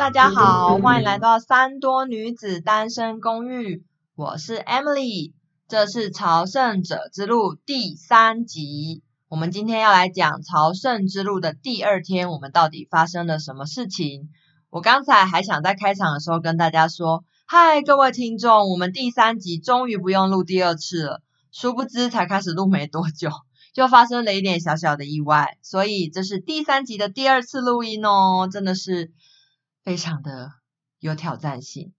大家好，歡迎來到三多女子單身公寓，我是 Emily，這是《朝聖者之路》第三集，我們今天要來講朝聖之路的第二天，我們到底發生了什麼事情？我剛才還想在開場的時候跟大家說，嗨，各位聽眾，我們第三集終於不用錄第二次了，殊不知才開始錄沒多久，就發生了一點小小的意外，所以這是第三集的第二次錄音哦，真的是。非常的有挑戰性。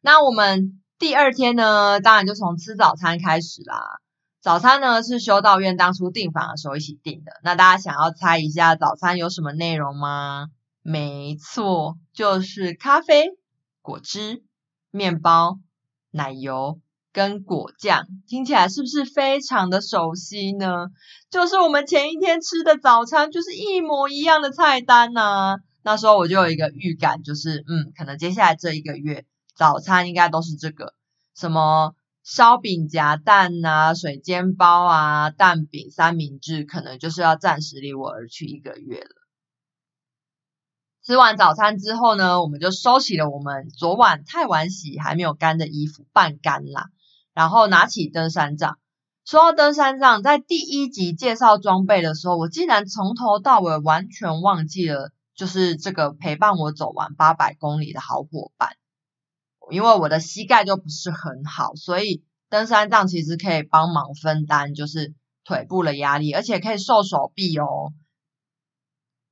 那我們第二天呢，當然就從吃早餐開始啦。早餐呢，是修道院當初訂房的時候一起訂的。那大家想要猜一下早餐有什麼內容嗎？沒錯，就是咖啡、果汁、麵包、奶油跟果醬。聽起來是不是非常的熟悉呢？就是我們前一天吃的早餐，就是一模一樣的菜單吶、啊。那時候我就有一個預感，就是嗯，可能接下來這一個月早餐應該都是這個，什麼燒餅夾蛋啊、水煎包啊、蛋餅、三明治，可能就是要暫時離我而去一個月了。吃完早餐之後呢，我們就收起了我們昨晚太晚洗還沒有乾的衣服，半乾啦，然後拿起登山杖。說到登山杖，在第一集介紹裝備的時候，我竟然從頭到尾完全忘記了。就是這個陪伴我走完八百公里的好夥伴，因為我的膝蓋就不是很好，所以登山杖其實可以幫忙分擔，就是腿部的壓力，而且可以瘦手臂哦。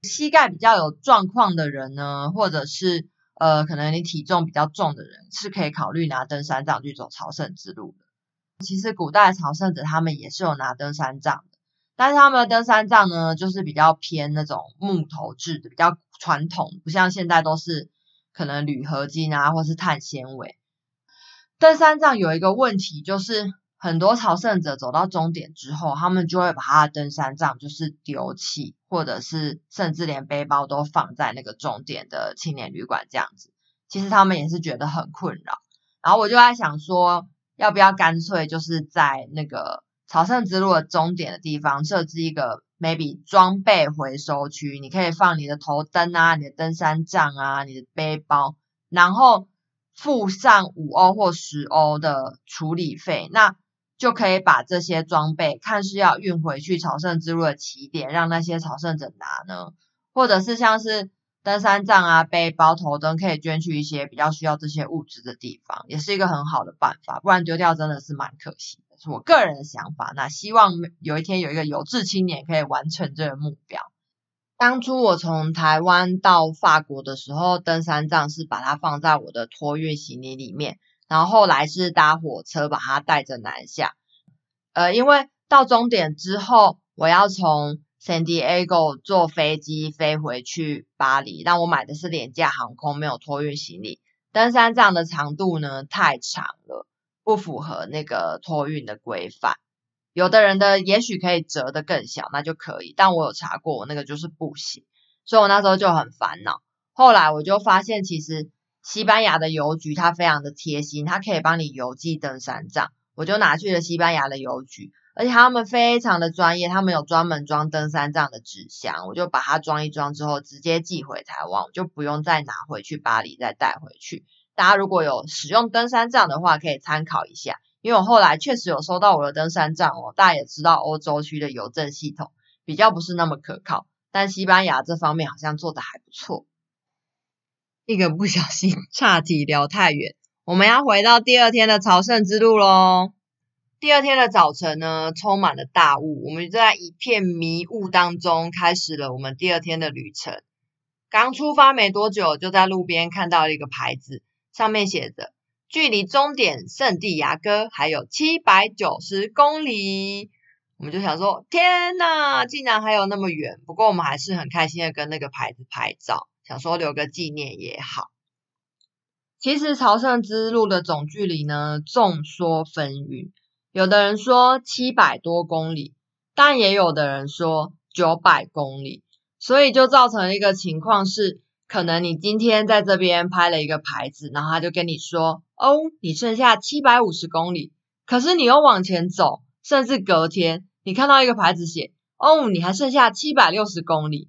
膝蓋比較有狀況的人呢，或者是呃可能你體重比較重的人，是可以考慮拿登山杖去走朝聖之路的。其實古代朝聖者他們也是有拿登山杖的。但是他們的登山杖呢，就是比較偏那種木頭制的，比較傳統，不像現在都是可能鋁合金啊，或是碳纖維。登山杖有一個問題，就是很多朝聖者走到終點之後，他們就會把他的登山杖就是丟棄，或者是甚至連背包都放在那個終點的青年旅館這樣子。其實他們也是覺得很困擾。然後我就在想說，要不要乾脆就是在那個。朝聖之路的終點的地方，設置一個 maybe 裝備回收區，你可以放你的頭燈啊、你的登山杖啊、你的背包，然後付上五歐或十歐的處理費，那就可以把這些裝備看是要運回去朝聖之路的起點，讓那些朝聖者拿呢，或者是像是登山杖啊、背包、頭燈，可以捐去一些比較需要這些物資的地方，也是一個很好的辦法，不然丟掉真的是蠻可惜。我個人的想法，那希望有一天有一個有志青年可以完成這個目標。當初我從台灣到法國的時候，登山杖是把它放在我的托運行李裡面，然後後來是搭火車把它帶着南下。呃，因為到終點之後，我要從 Santiago 坐飛機飛回去巴黎，但我買的是廉價航空，沒有托運行李。登山杖的長度呢太長了。不符合那個托運的規範，有的人的也許可以折得更小，那就可以。但我有查過，我那個就是不行，所以我那時候就很煩惱。後來我就發現，其實西班牙的郵局它非常的貼心，它可以幫你郵寄登山杖。我就拿去了西班牙的郵局，而且他們非常的專業，他們有專門裝登山杖的紙箱。我就把它裝一裝之後，直接寄回台灣，我就不用再拿回去巴黎再帶回去。大家如果有使用登山杖的話，可以參考一下，因為我後來確實有收到我的登山杖哦。大家也知道，歐洲區的郵政系統比較不是那麼可靠，但西班牙這方面好像做得還不錯。一個不小心岔題聊太遠，我們要回到第二天的朝聖之路嘍。第二天的早晨呢，充滿了大霧，我們就在一片迷霧當中開始了我們第二天的旅程。剛出發沒多久，就在路邊看到了一個牌子。上面寫着距離終點聖地牙哥還有七百九十公里，我們就想說，天呐，竟然還有那麼遠。不過我們還是很開心的跟那個牌子拍照，想說留個紀念也好。其實朝聖之路的總距離呢，眾說紛紜，有的人說七百多公里，但也有的人說九百公里，所以就造成一個情況是。可能你今天在這邊拍了一個牌子，然後他就跟你說，哦，你剩下七百五十公里。可是你又往前走，甚至隔天你看到一個牌子寫，哦，你還剩下七百六十公里。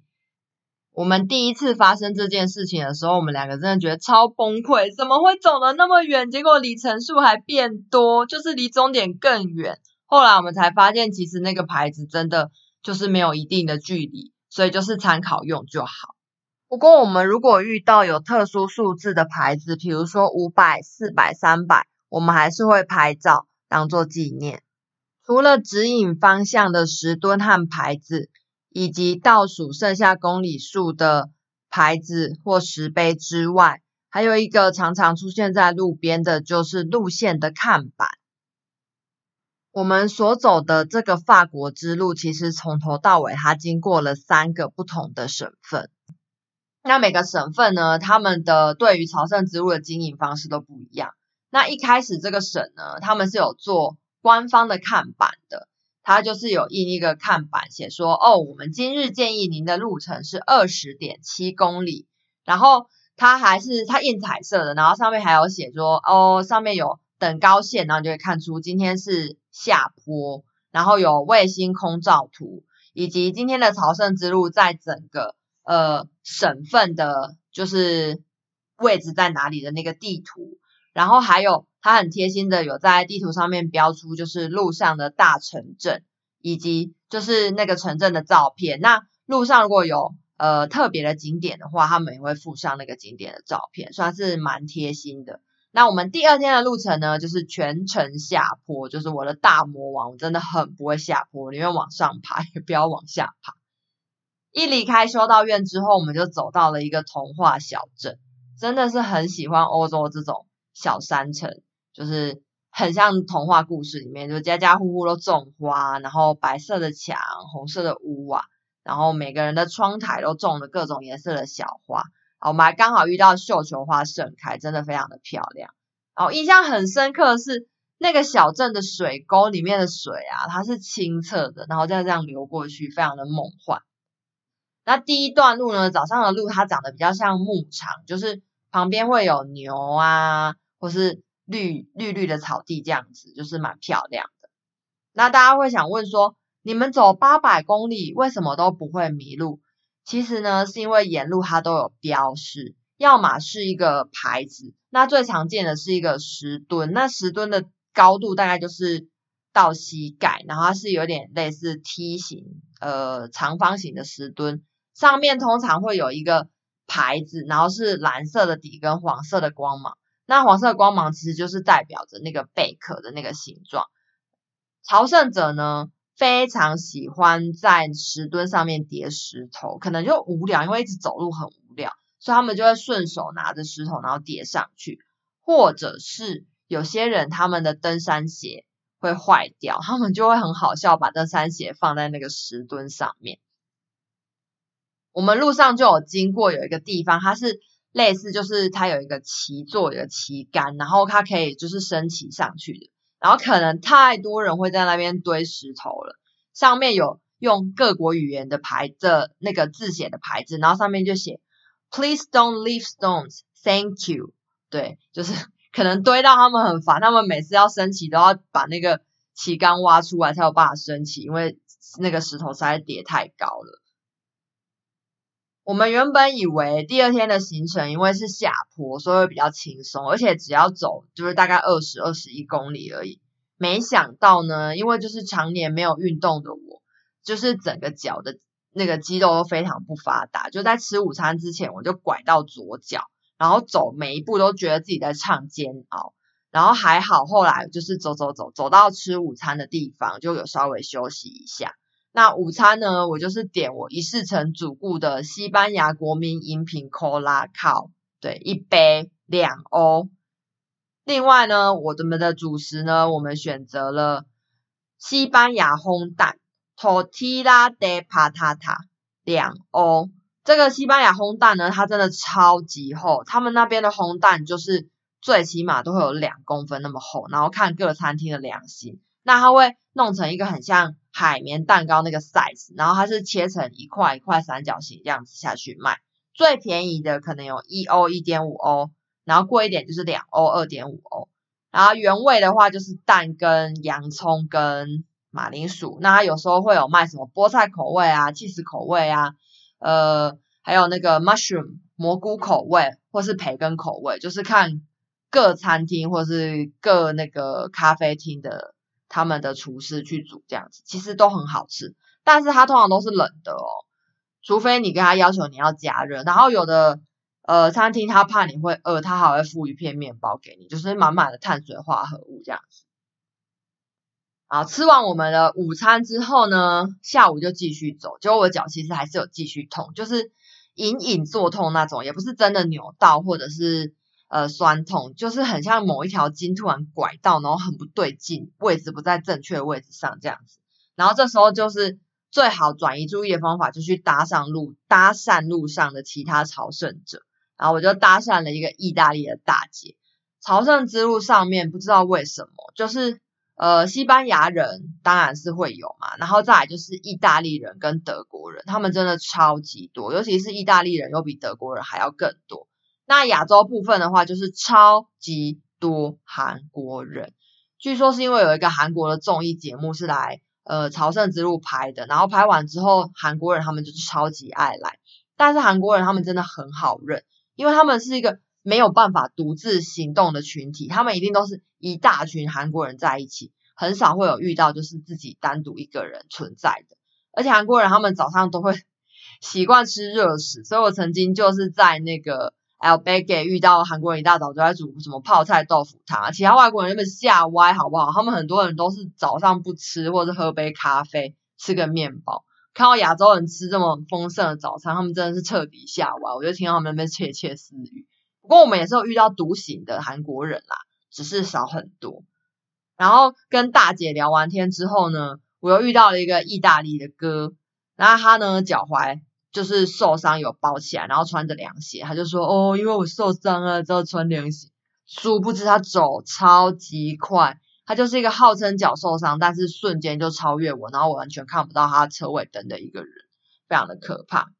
我們第一次發生這件事情的時候，我們兩個真的覺得超崩潰，怎麼會走得那麼遠，結果里程數還變多，就是離終點更遠。後來我們才發現，其實那個牌子真的就是沒有一定的距離，所以就是參考用就好。不過，我們如果遇到有特殊數字的牌子，比如說五百、四百、三百，我們還是會拍照當做紀念。除了指引方向的石墩和牌子，以及倒數剩下公里數的牌子或石碑之外，還有一個常常出現在路邊的，就是路線的看板。我們所走的這個法國之路，其實從頭到尾它經過了三個不同的省份。那每個省份呢，他們的對於朝聖之路的經營方式都不一樣。那一開始這個省呢，他們是有做官方的看板的，它就是有印一個看板，寫說哦，我們今日建議您的路程是二十點七公里，然後它還是它印彩色的，然後上面還有寫說哦，上面有等高線，然後你就會看出今天是下坡，然後有衛星空照圖，以及今天的朝聖之路在整個。呃，省份的，就是位置在哪裡的那個地圖，然後還有它很貼心的有在地圖上面標出就是路上的大城鎮，以及就是那個城鎮的照片。那路上如果有呃特別的景點的話，他們也會附上那個景點的照片，算是蠻貼心的。那我們第二天的路程呢，就是全程下坡，就是我的大魔王，我真的很不會下坡，寧願往上爬也不要往下爬。一離開修道院之後，我們就走到了一個童話小鎮，真的是很喜歡歐洲這種小山城，就是很像童話故事裡面，就家家戶戶都種花，然後白色的牆、紅色的屋瓦啊，然後每個人的窗台都種了各種顏色的小花。好，我們還剛好遇到繡球花盛開，真的非常的漂亮。然後印象很深刻的是，那個小鎮的水溝裡面的水啊，它是清澈的，然後再這樣流過去，非常的夢幻。那第一段路呢，早上的路它長得比較像牧場，就是旁邊會有牛啊，或是綠綠綠的草地這樣子，就是蠻漂亮的。那大家會想問說，你們走八百公里，為什麼都不會迷路？其實呢，是因為沿路它都有標識，要麼是一個牌子，那最常見的是一個石墩。那石墩的高度大概就是到膝蓋，然後它是有點類似梯形、呃長方形的石墩。上面通常會有一個牌子，然後是藍色的底跟黃色的光芒。那黃色光芒其實就是代表着那個貝殼的那個形狀。朝聖者呢，非常喜歡在石墩上面疊石頭，可能就無聊，因為一直走路很無聊，所以他們就會順手拿着石頭然後疊上去。或者是有些人他們的登山鞋會壞掉，他們就會很好笑，把登山鞋放在那個石墩上面。我們路上就有經過有一個地方，它是類似就是它有一個旗座，有旗杆，然後它可以就是升旗上去的。然後可能太多人會在那邊堆石頭了，上面有用各國語言的牌的，那個字寫的牌子，然後上面就寫 “Please don't leave stones, thank you”。對，就是可能堆到他們很煩，他們每次要升旗都要把那個旗杆挖出來才有辦法升旗，因為那個石頭實在疊太高了。我們原本以為第二天的行程，因為是下坡，所以會比較輕鬆，而且只要走就是大概二十二十一公里而已。沒想到呢，因為就是常年沒有運動的我，就是整個腳的那個肌肉都非常不發達。就在吃午餐之前，我就拐到左腳，然後走每一步都覺得自己在唱煎熬。然後還好，後來就是走走走，走到吃午餐的地方，就有稍微休息一下。那午餐呢，我就是點我一試成主顧的西班牙國民飲品 ColaCao，對，一杯兩歐。另外呢，我的們的主食呢，我們選擇了西班牙烘蛋 Tortilla de patata 兩歐。這個西班牙烘蛋呢，它真的超級厚，他們那邊的烘蛋就是最起碼都會有兩公分那麼厚，然後看各餐廳的良心。那它會弄成一個很像海綿蛋糕那個 size，然後它是切成一塊一塊三角形這樣子下去賣，最便宜的可能有一歐、一點五歐，然後貴一點就是兩歐、二點五歐，然後原味的話就是蛋跟洋蔥跟馬鈴薯，那它有時候會有賣什麼菠菜口味啊、cheese 口味啊，呃，還有那個 mushroom 蘑菇口味或是培根口味，就是看各餐廳或是各那個咖啡廳的。他們的廚師去煮這樣子，其實都很好吃，但是它通常都是冷的哦，除非你跟他要求你要加熱。然後有的呃餐廳他怕你會餓，他還會附一片麵包給你，就是滿滿的碳水化合物這樣子。好，吃完我們的午餐之後呢，下午就繼續走，結果我腳其實還是有繼續痛，就是隱隱作痛那種，也不是真的扭到或者是。呃，酸痛就是很像某一條筋突然拐到，然後很不對勁，位置不在正確的位置上這樣子。然後這時候就是最好轉移注意的方法，就去搭上路，搭訕路上的其他朝聖者。然後我就搭訕了一個意大利的大姐。朝聖之路上面，不知道為什麼，就是呃西班牙人當然是會有嘛，然後再來就是意大利人跟德國人，他們真的超級多，尤其是意大利人又比德國人還要更多。那亞洲部分的話，就是超級多韓國人。據說是因為有一個韓國的綜藝節目是來呃《朝聖之路》拍的，然後拍完之後，韓國人他們就是超級愛來。但是韓國人他們真的很好認，因為他們是一個沒有辦法獨自行動的群體，他們一定都是一大群韓國人在一起，很少會有遇到就是自己單獨一個人存在的。而且韓國人他們早上都會習慣吃熱食，所以我曾經就是在那個。還有 a g a e 遇到韓國人一大早都在煮什麼泡菜豆腐湯、啊，其他外國人那邊嚇歪好不好？他們很多人都是早上不吃，或者喝杯咖啡，吃個麵包。看到亞洲人吃這麼豐盛的早餐，他們真的是徹底嚇歪。我就聽到他們那邊竊竊私語。不過我們也是有遇到獨行的韓國人啦、啊，只是少很多。然後跟大姐聊完天之後呢，我又遇到了一個意大利的哥，然後他呢腳踝。就是受傷有包起來，然後穿着涼鞋，他就說哦，因為我受傷了，之後穿涼鞋。殊不知他走超級快，他就是一個號稱腳受傷，但是瞬間就超越我，然後我完全看不到他車尾燈的一個人，非常的可怕。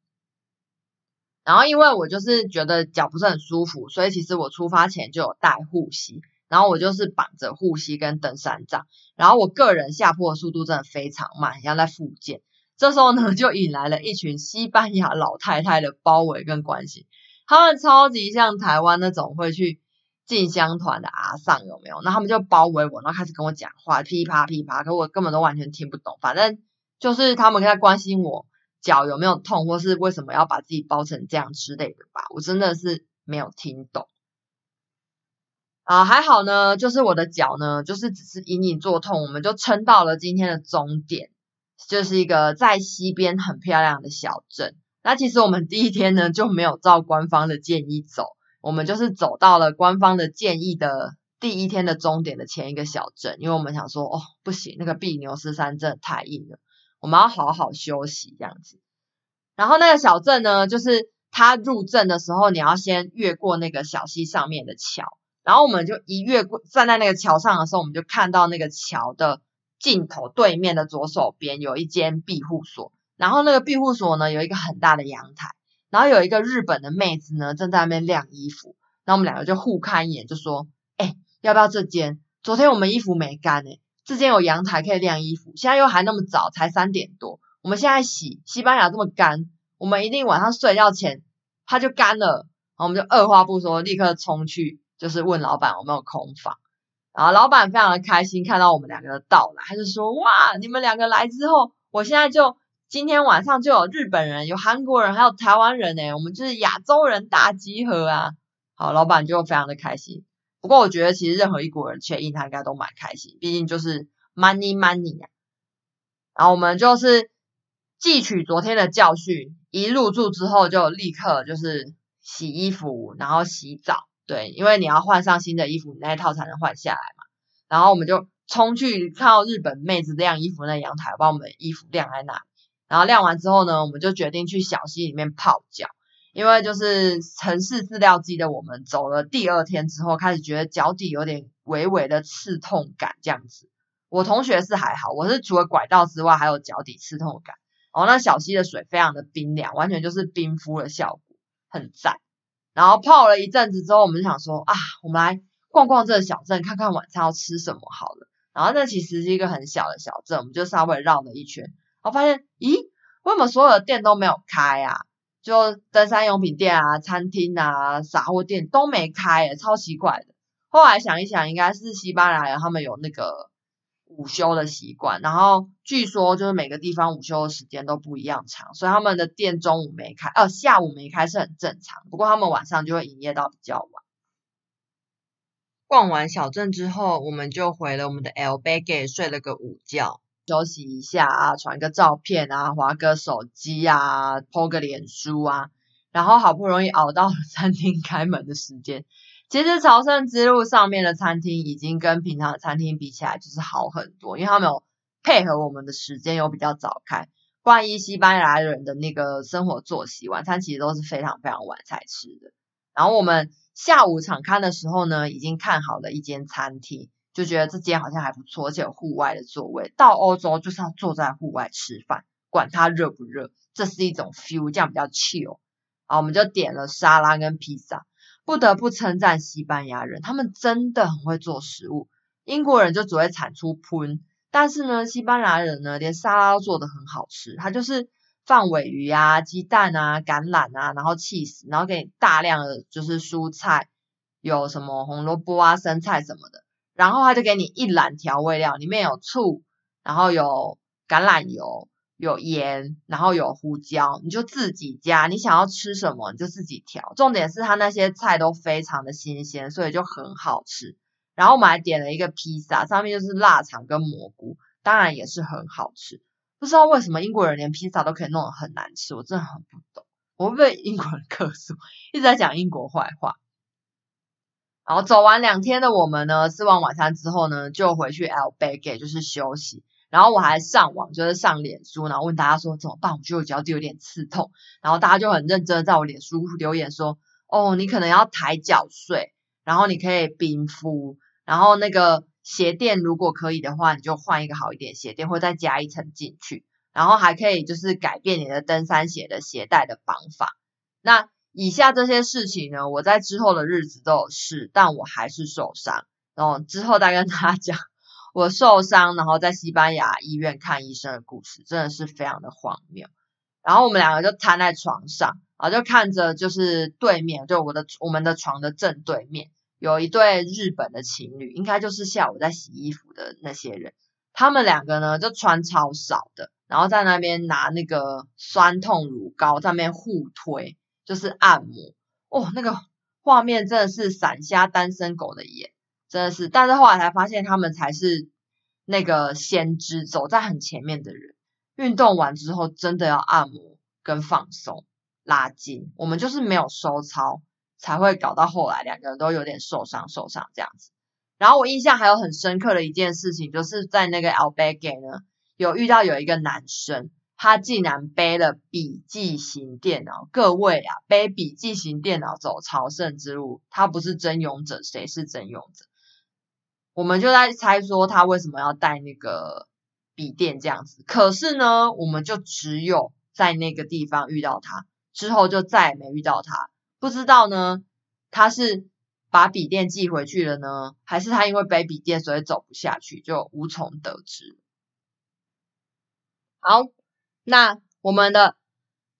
然後因為我就是覺得腳不是很舒服，所以其實我出發前就有帶護膝，然後我就是綁着護膝跟登山杖，然後我個人下坡的速度真的非常慢，像在復健。這時候呢，就引來了一群西班牙老太太的包圍跟關心。他們超級像台灣那種會去進香團的阿桑，有沒有？那他們就包圍我，然後開始跟我講話，噼啪噼啪，可我根本都完全聽不懂。反正就是他們在關心我腳有沒有痛，或是為什麼要把自己包成這樣之類的吧。我真的是沒有聽懂啊，還好呢，就是我的腳呢，就是只是隱隱作痛，我們就撐到了今天的終點。就是一個在溪邊很漂亮的小鎮。那其實我們第一天呢，就沒有照官方的建議走，我們就是走到了官方的建議的第一天的終點的前一個小鎮，因為我們想說，哦，不行，那個庇里牛斯山真的太硬了，我們要好好休息這樣子。然後那個小鎮呢，就是它入鎮的時候，你要先越過那個小溪上面的橋。然後我們就一越過，站在那個橋上的時候，我們就看到那個橋的。鏡頭對面的左手邊有一間庇護所，然後那個庇護所呢有一個很大的陽台，然後有一個日本的妹子呢正在那邊晾衣服，那我們兩個就互看一眼就說，哎、欸，要不要這間？昨天我們衣服沒乾誒、欸，這間有陽台可以晾衣服，現在又還那麼早，才三點多，我們現在洗，西班牙這麼乾，我們一定晚上睡覺前，它就乾了，然後我們就二話不說立刻衝去，就是問老闆有沒有空房。好，老闆非常的開心看到我們兩個的到來，他就說哇，你們兩個來之後，我現在就今天晚上就有日本人、有韓國人、還有台灣人呢，我們就是亞洲人大集合啊。好，老闆就非常的開心。不過我覺得其實任何一國人 check in，他應該都蠻開心，畢竟就是 money money 啊。然後我們就是汲取昨天的教訓，一入住之後就立刻就是洗衣服，然後洗澡。對，因為你要換上新的衣服，你那一套才能換下來嘛。然後我們就衝去靠日本妹子晾衣服那陽台，我把我們的衣服晾在那裡。然後晾完之後呢，我們就決定去小溪裡面泡腳，因為就是城市治料機的我們走了第二天之後，開始覺得腳底有點微微的刺痛感這樣子。我同學是還好，我是除了拐到之外，還有腳底刺痛感。哦，那小溪的水非常的冰涼，完全就是冰敷的效果，很讚。然後泡了一陣子之後，我們就想說啊，我們來逛逛這個小鎮，看看晚餐要吃什麼好了。然後那其實是一個很小的小鎮，我們就稍微繞了一圈，然後發現咦，為什麼所有的店都沒有開啊？就登山用品店啊、餐廳啊、雜貨店都沒開，欸，超奇怪的。後來想一想，應該是西班牙人他們有那個。午休的習慣，然後據說就是每個地方午休的時間都不一樣長，所以他們的店中午沒開，哦、呃、下午沒開是很正常。不過他們晚上就會營業到比較晚。逛完小鎮之後，我們就回了我們的 Airbnb 睡了個午覺，休息一下啊，傳個照片啊，滑個手機啊，poke 個臉書啊，然後好不容易熬到餐廳開門的時間。其實朝聖之路上面的餐廳已經跟平常的餐廳比起來就是好很多，因為他們有配合我們的時間有比較早開。關於西班牙人的那個生活作息，晚餐其實都是非常非常晚才吃的。然後我們下午場看的時候呢，已經看好了一間餐廳，就覺得這間好像還不錯，而且有戶外的座位。到歐洲就是要坐在戶外吃飯，管它熱不熱，這是一種 feel，這樣比較 chill。然後，我們就點了沙拉跟披薩。不得不稱讚西班牙人，他們真的很會做食物。英國人就只會產出噴，但是呢，西班牙人呢，連沙拉都做得很好吃。他就是放鮪魚啊、雞蛋啊、橄欖啊，然後起司，然後給你大量的就是蔬菜，有什麼紅蘿蔔啊、生菜什麼的，然後他就給你一籃調味料，裡面有醋，然後有橄欖油。有鹽，然後有胡椒，你就自己加。你想要吃什麼，你就自己調。重點是它那些菜都非常的新鮮，所以就很好吃。然後我們還點了一個披薩，上面就是臘腸跟蘑菇，當然也是很好吃。不知道為什麼英國人連披薩都可以弄得很難吃，我真的很不懂。我會被英國人客訴，一直在講英國壞話。然後走完兩天的我們呢，吃完晚、晚餐之後呢，就回去 Albergue 就是休息。然後我還上網，就是上臉書，然後問大家說怎麼辦？我覺得我腳底有點刺痛，然後大家就很認真在我臉書留言說，哦，你可能要抬腳睡，然後你可以冰敷，然後那個鞋墊如果可以的話，你就換一個好一點鞋墊，或再加一層進去，然後還可以就是改變你的登山鞋的鞋帶的綁法。那以下這些事情呢，我在之後的日子都有試，但我還是受傷。然後之後再跟大家講。我受傷，然後在西班牙醫院看醫生的故事，真的是非常的荒謬。然後我們兩個就癱在床上，然後就看着，就是對面，就我的我們的床的正對面，有一對日本的情侶，應該就是下午在洗衣服的那些人。他們兩個呢，就穿超少的，然後在那邊拿那個酸痛乳膏上面互推，就是按摩。哦，那個畫面真的是閃瞎單身狗的眼。真的是，但是後來才發現他們才是那個先知，走在很前面的人。運動完之後真的要按摩跟放鬆拉筋，我們就是沒有收操，才會搞到後來兩個人都有點受傷受傷這樣子。然後我印象還有很深刻的一件事情，就是在那個 Albergue 呢，有遇到有一個男生，他竟然背了筆記型電腦。各位啊，背筆記型電腦走朝聖之路，他不是真勇者，誰是真勇者？我們就在猜說他為什麼要帶那個筆電這樣子，可是呢，我們就只有在那個地方遇到他，之後就再也沒遇到他，不知道呢，他是把筆電寄回去了呢，還是他因為背筆電所以走不下去，就無從得知。好，那我們的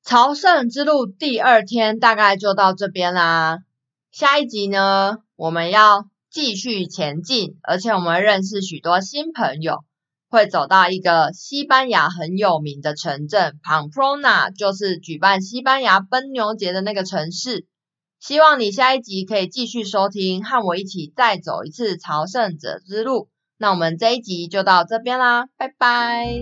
朝聖之路第二天大概就到這邊啦，下一集呢，我們要。繼續前進，而且我們認識許多新朋友，會走到一個西班牙很有名的城鎮——龐普羅納，就是舉辦西班牙奔牛節的那個城市。希望你下一集可以繼續收聽，和我一起再走一次朝聖者之路。那我們這一集就到這邊啦，拜拜。